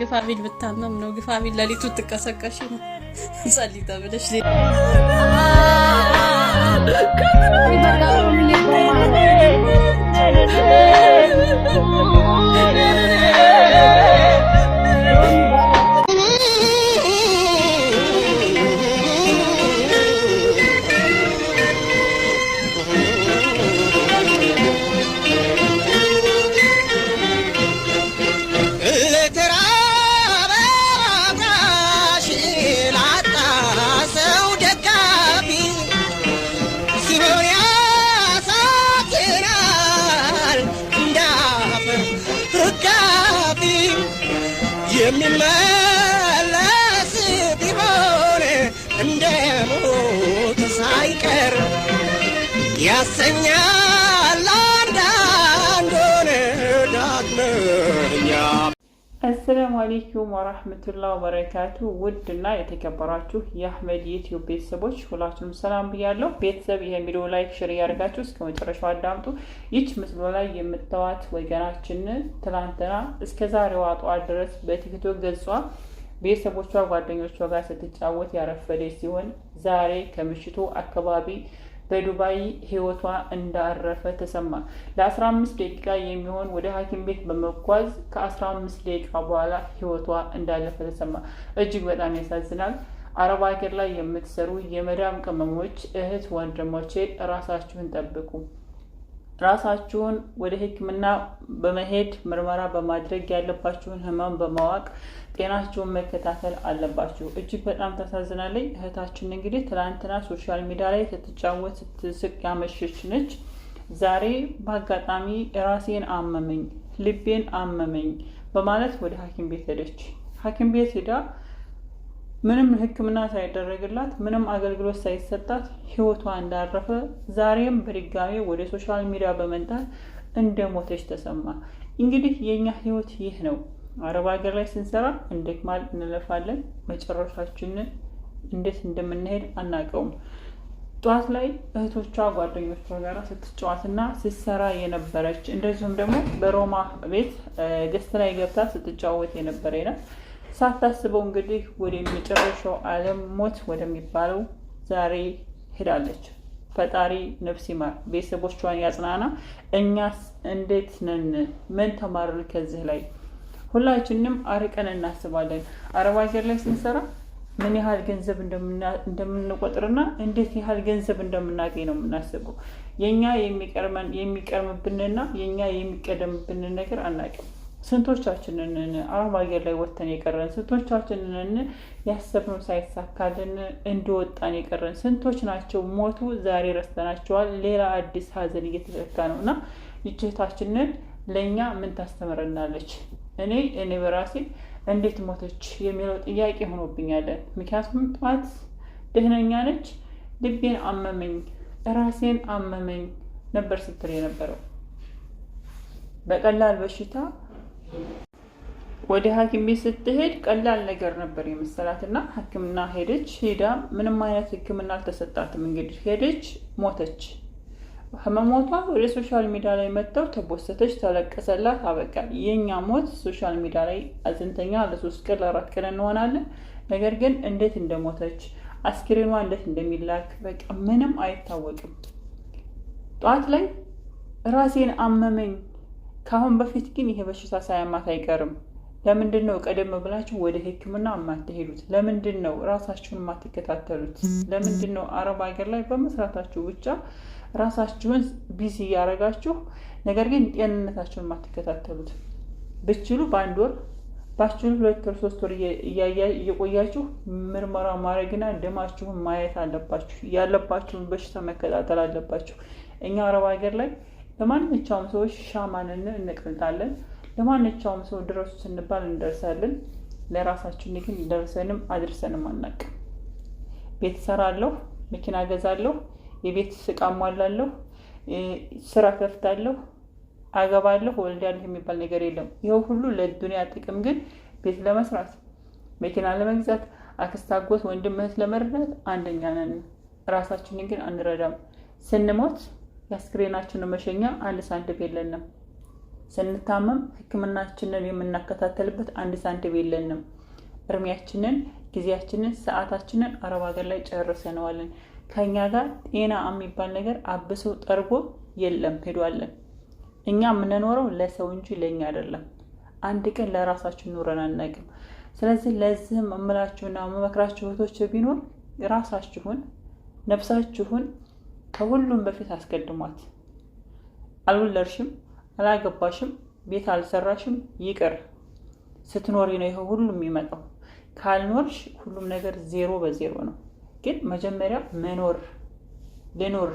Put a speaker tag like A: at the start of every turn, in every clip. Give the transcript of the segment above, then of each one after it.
A: ግፋቢል ብታመም ነው። ግፋቢል ለሊቱ ትቀሰቀሽ ነው ጸልይ ተብለሽ ሌላ
B: የሚመለስ ቢሆን እንደ ሞት ሳይቀር ያሰኛል።
A: አሰላሙ አሌይኩም ወራህመቱላህ ወበረካቱ ውድ እና የተከበራችሁ የአህመድ ዩትዩብ ቤተሰቦች ሁላችሁም ሰላም ብያለሁ። ቤተሰብ ይሄ ቪዲዮ ላይክ፣ ሼር እያደርጋችሁ እስከ መጨረሻው አዳምጡ። ይች ምስሉ ላይ የምታዋት ወገናችን ትላንትና እስከ ዛሬዋ ጠዋት ድረስ በቲክቶክ ገጿ ቤተሰቦቿ፣ ጓደኞቿ ጋር ስትጫወት ያረፈደች ሲሆን ዛሬ ከምሽቱ አካባቢ በዱባይ ህይወቷ እንዳረፈ ተሰማ። ለ15 ደቂቃ የሚሆን ወደ ሐኪም ቤት በመጓዝ ከ15 ደቂቃ በኋላ ህይወቷ እንዳለፈ ተሰማ። እጅግ በጣም ያሳዝናል። አረብ ሀገር ላይ የምትሰሩ የመዳም ቅመሞች እህት ወንድሞቼ ራሳችሁን ጠብቁ። ራሳችሁን ወደ ሕክምና በመሄድ ምርመራ በማድረግ ያለባችሁን ህመም በማወቅ ጤናችሁን መከታተል አለባችሁ። እጅግ በጣም ታሳዝናለኝ። እህታችን እንግዲህ ትናንትና ሶሻል ሚዲያ ላይ ስትጫወት ስትስቅ ያመሸች ነች። ዛሬ በአጋጣሚ ራሴን አመመኝ፣ ልቤን አመመኝ በማለት ወደ ሐኪም ቤት ሄደች። ሐኪም ቤት ሄዳ ምንም ሕክምና ሳይደረግላት ምንም አገልግሎት ሳይሰጣት ህይወቷ እንዳረፈ ዛሬም በድጋሚ ወደ ሶሻል ሚዲያ በመንጣት እንደሞተች ተሰማ። እንግዲህ የእኛ ህይወት ይህ ነው። አረብ ሀገር ላይ ስንሰራ እንደክማል፣ እንለፋለን። መጨረሻችንን እንዴት እንደምንሄድ አናውቀውም። ጠዋት ላይ እህቶቿ ጓደኞቿ ጋር ስትጫወትና ስትሰራ የነበረች እንደዚሁም ደግሞ በሮማ ቤት ገስት ላይ ገብታ ስትጫወት የነበረ ናት። ሳታስበው እንግዲህ ወደ መጨረሻው ዓለም ሞት ወደሚባለው ዛሬ ሄዳለች። ፈጣሪ ነፍስ ይማር፣ ቤተሰቦቿን ያጽናና። እኛስ እንዴት ነን? ምን ተማርን ከዚህ ላይ? ሁላችንም አርቀን እናስባለን። አረብ ሀገር ላይ ስንሰራ ምን ያህል ገንዘብ እንደምንቆጥርና እንዴት ያህል ገንዘብ እንደምናገኝ ነው የምናስበው። የእኛ የሚቀርምብንና የእኛ የሚቀደምብንን ነገር አናውቅም። ስንቶቻችንን አረብ አየር ላይ ወጥተን የቀረን ስንቶቻችንን ያሰብነው ሳይሳካልን እንደወጣን የቀረን ስንቶች ናቸው? ሞቱ ዛሬ ረስተናቸዋል። ሌላ አዲስ ሀዘን እየተዘጋ ነው እና ይችታችንን ለእኛ ምን ታስተምረናለች? እኔ እኔ በራሴ እንዴት ሞተች የሚለው ጥያቄ ሆኖብኛለን። ምክንያቱም ጠዋት ደህነኛ ነች፣ ልቤን አመመኝ፣ ራሴን አመመኝ ነበር ስትል የነበረው በቀላል በሽታ ወደ ሐኪም ቤት ስትሄድ ቀላል ነገር ነበር የመሰላት እና ሕክምና ሄደች። ሄዳ ምንም አይነት ሕክምና አልተሰጣትም። እንግዲህ ሄደች፣ ሞተች። ከመሞቷ ወደ ሶሻል ሚዲያ ላይ መጥተው ተቦሰተች፣ ተለቀሰላት፣ አበቃ። የእኛ ሞት ሶሻል ሚዲያ ላይ አዘንተኛ ለሶስት ቀን ለአራት ቀን እንሆናለን። ነገር ግን እንዴት እንደሞተች አስክሬኗ እንዴት እንደሚላክ በቃ ምንም አይታወቅም። ጠዋት ላይ ራሴን አመመኝ ከአሁን በፊት ግን ይሄ በሽታ ሳያማት አይቀርም። ለምንድን ነው ቀደም ብላችሁ ወደ ሕክምና የማትሄዱት? ለምንድን ነው ራሳችሁን የማትከታተሉት? ለምንድን ነው አረብ ሀገር ላይ በመስራታችሁ ብቻ ራሳችሁን ቢዚ እያደረጋችሁ ነገር ግን ጤንነታችሁን የማትከታተሉት? ብችሉ በአንድ ወር ባችሁን ሁለት ወር ሶስት ወር እየቆያችሁ ምርመራ ማድረግና ደማችሁን ማየት አለባችሁ። ያለባችሁን በሽታ መከታተል አለባችሁ። እኛ አረብ ሀገር ላይ ለማንኛውም ሰዎች ሻማንን እንቅንጣለን። ለማንኛውም ሰው ድረሱ ስንባል እንደርሳለን። ለራሳችን ግን ደርሰንም አድርሰንም አናውቅም። ቤት ሰራለሁ፣ መኪና ገዛለሁ፣ የቤት እቃ ሟላለሁ፣ ስራ ከፍታለሁ፣ አገባለሁ፣ ወልዳለሁ የሚባል ነገር የለም። ይኸው ሁሉ ለዱንያ ጥቅም ግን ቤት ለመስራት መኪና ለመግዛት አክስት፣ አጎት፣ ወንድም፣ እህት ለመርዳት አንደኛ ነን። ራሳችንን ግን አንረዳም ስንሞት የአስክሬናችንን መሸኛ አንድ ሳንቲም የለንም። ስንታመም ህክምናችንን የምናከታተልበት አንድ ሳንቲም የለንም። እድሜያችንን፣ ጊዜያችንን፣ ሰዓታችንን አረብ ሀገር ላይ ጨርሰነዋለን። ከእኛ ጋር ጤና የሚባል ነገር አብሰው ጠርጎ የለም ሄዷለን። እኛ የምንኖረው ለሰው እንጂ ለእኛ አይደለም። አንድ ቀን ለራሳችን ኑረን አናውቅም። ስለዚህ ለዚህም እምላችሁና መመክራችሁ እህቶች ቢኖር ራሳችሁን ነፍሳችሁን ከሁሉም በፊት አስቀድሟት። አልወለድሽም፣ አላገባሽም፣ ቤት አልሰራሽም ይቅር። ስትኖሪ ነው ይኸው ሁሉም የሚመጣው። ካልኖርሽ ሁሉም ነገር ዜሮ በዜሮ ነው። ግን መጀመሪያ መኖር ልኖር፣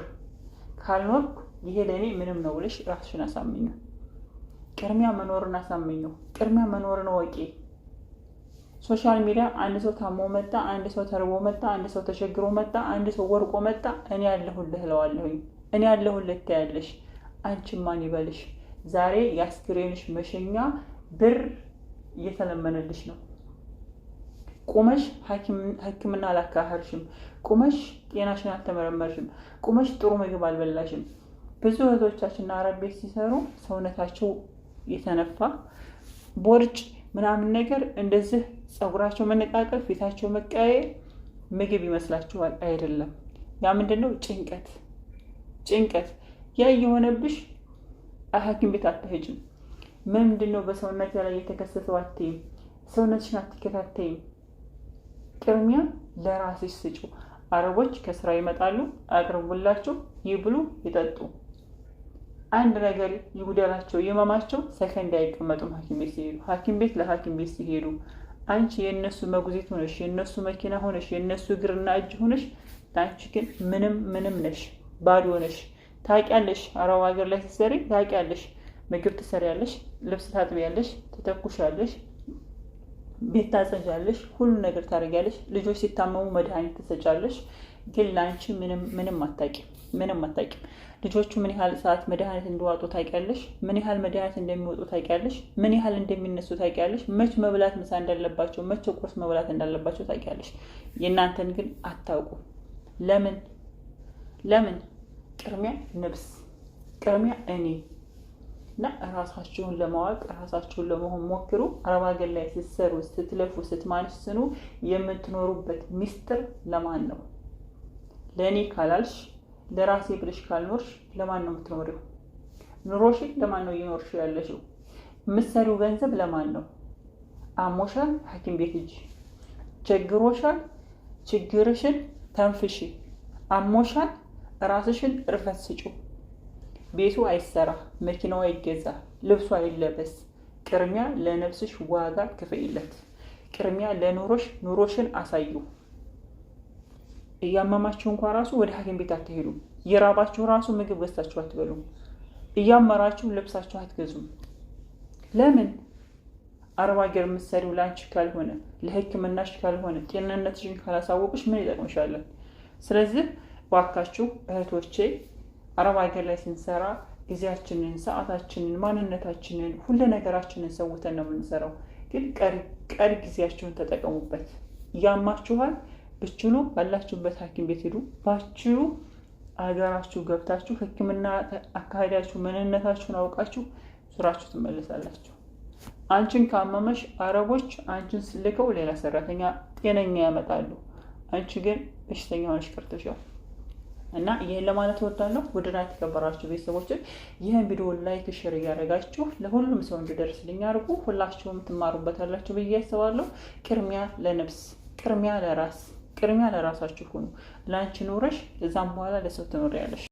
A: ካልኖርኩ ይሄ ለእኔ ምንም ነው ብለሽ ራስሽን አሳምኙ። ቅድሚያ መኖርን አሳምኙ። ቅድሚያ መኖርን ወቄ። ሶሻል ሚዲያ አንድ ሰው ታሞ መጣ፣ አንድ ሰው ተርቦ መጣ፣ አንድ ሰው ተቸግሮ መጣ፣ አንድ ሰው ወርቆ መጣ፣ እኔ ያለሁልህ እለዋለሁኝ። እኔ ያለሁልህ ታያለሽ፣ አንቺ ማን ይበልሽ። ዛሬ የአስክሬንሽ መሸኛ ብር እየተለመነልሽ ነው። ቁመሽ ሕክምና አላካሄድሽም። ቁመሽ ጤናሽን አልተመረመርሽም። ቁመሽ ጥሩ ምግብ አልበላሽም። ብዙ እህቶቻችንና አረብ ቤት ሲሰሩ ሰውነታቸው የተነፋ ቦርጭ ምናምን ነገር እንደዚህ ፀጉራቸው መነቃቀል፣ ፊታቸው መቀያየር ምግብ ይመስላችኋል። አይደለም። ያ ምንድን ነው? ጭንቀት ጭንቀት። ያ የሆነብሽ ሐኪም ቤት አትሄጅም። ምንድን ነው በሰውነት ላይ የተከሰተው አትይም። ሰውነትሽን አትከታተይም። ቅድሚያ ለራስሽ ስጪው። አረቦች ከስራ ይመጣሉ፣ አቅርቡላቸው፣ ይብሉ፣ ይጠጡ። አንድ ነገር ይጉደላቸው ይመማቸው፣ ሰከንድ አይቀመጡም ሐኪም ቤት ሲሄዱ ሐኪም ቤት ለሐኪም ቤት ሲሄዱ አንቺ የእነሱ መጉዜት ሆነሽ የእነሱ መኪና ሆነሽ የእነሱ እግርና እጅ ሆነሽ፣ አንቺ ግን ምንም ምንም ነሽ፣ ባዶ ነሽ። ታውቂያለሽ፣ አረብ ሀገር ላይ ስትሰሪ ታውቂያለሽ። ምግብ ትሰሪያለሽ፣ ልብስ ታጥቢያለሽ፣ ትተኩሻለሽ፣ ቤት ታጸጃለሽ፣ ሁሉ ነገር ታደርጊያለሽ። ልጆች ሲታመሙ መድኃኒት ትሰጫለሽ። ግን ለአንቺ ምንም ምንም አታውቂም። ምንም አታውቂም። ልጆቹ ምን ያህል ሰዓት መድኃኒት እንደዋጡ ታውቂያለሽ? ምን ያህል መድኃኒት እንደሚወጡ ታውቂያለሽ? ምን ያህል እንደሚነሱ ታውቂያለሽ? መች መብላት ምሳ እንዳለባቸው፣ መቼ ቁርስ መብላት እንዳለባቸው ታውቂያለሽ። የእናንተን ግን አታውቁ። ለምን ለምን? ቅድሚያ ነብስ፣ ቅድሚያ እኔ እና ራሳችሁን ለማወቅ ራሳችሁን ለመሆን ሞክሩ። አረብ ሀገር ላይ ስትሰሩ ስትለፉ ስትማንስኑ የምትኖሩበት ሚስጥር ለማን ነው? ለእኔ ካላልሽ ለራሴ ብለሽ ካልኖርሽ ለማን ነው የምትኖሪው? ኑሮሽን ለማን ነው እየኖርሽ ያለሽው? የምትሰሪው ገንዘብ ለማን ነው? አሞሻል፣ ሐኪም ቤት ሂጂ። ችግሮሻል፣ ችግርሽን ተንፍሺ። አሞሻል፣ ራስሽን እርፈት ስጩ። ቤቱ አይሰራ፣ መኪናው አይገዛ፣ ልብሱ አይለበስ። ቅድሚያ ለነፍስሽ ዋጋ ክፈይለት። ቅድሚያ ለኑሮሽ ኑሮሽን አሳዩ። እያመማችሁ እንኳ ራሱ ወደ ሐኪም ቤት አትሄዱም። እየራባችሁ ራሱ ምግብ ገዝታችሁ አትበሉም። እያመራችሁ ልብሳችሁ አትገዙም። ለምን? አረብ ሀገር የምትሰሪው ለአንቺ ካልሆነ ለሕክምናሽ ካልሆነ ጤንነትሽን ካላሳወቅሽ ምን ይጠቅምሻለን? ስለዚህ ባካችሁ እህቶቼ አረብ ሀገር ላይ ስንሰራ ጊዜያችንን፣ ሰዓታችንን፣ ማንነታችንን፣ ሁሉ ነገራችንን ሰውተን ነው የምንሰራው። ግን ቀሪ ጊዜያችሁን ተጠቀሙበት። ያማችኋል ብችሉ ባላችሁበት ሐኪም ቤት ሄዱ። ባችሉ አገራችሁ ገብታችሁ ሕክምና አካሄዳችሁ ምንነታችሁን አውቃችሁ ስራችሁ ትመለሳላችሁ። አንቺን ካመመሽ አረቦች አንቺን ስልከው ሌላ ሰራተኛ ጤነኛ ያመጣሉ። አንቺ ግን በሽተኛ ሆነሽ ቀርተሻል። እና ይህን ለማለት እወዳለሁ። ውድና የተከበራችሁ ቤተሰቦችን ይህን ቪዲዮ ላይክ፣ ሼር እያደረጋችሁ ለሁሉም ሰው እንዲደርስልኝ አድርጉ። ሁላችሁም ትማሩበታላችሁ ብዬ አስባለሁ። ቅድሚያ ለነብስ ቅድሚያ ለራስ ቅድሚያ ለራሳችሁ ሁኑ። ለአንቺ ኖረሽ እዛም በኋላ ለሰው ትኖሪያለሽ።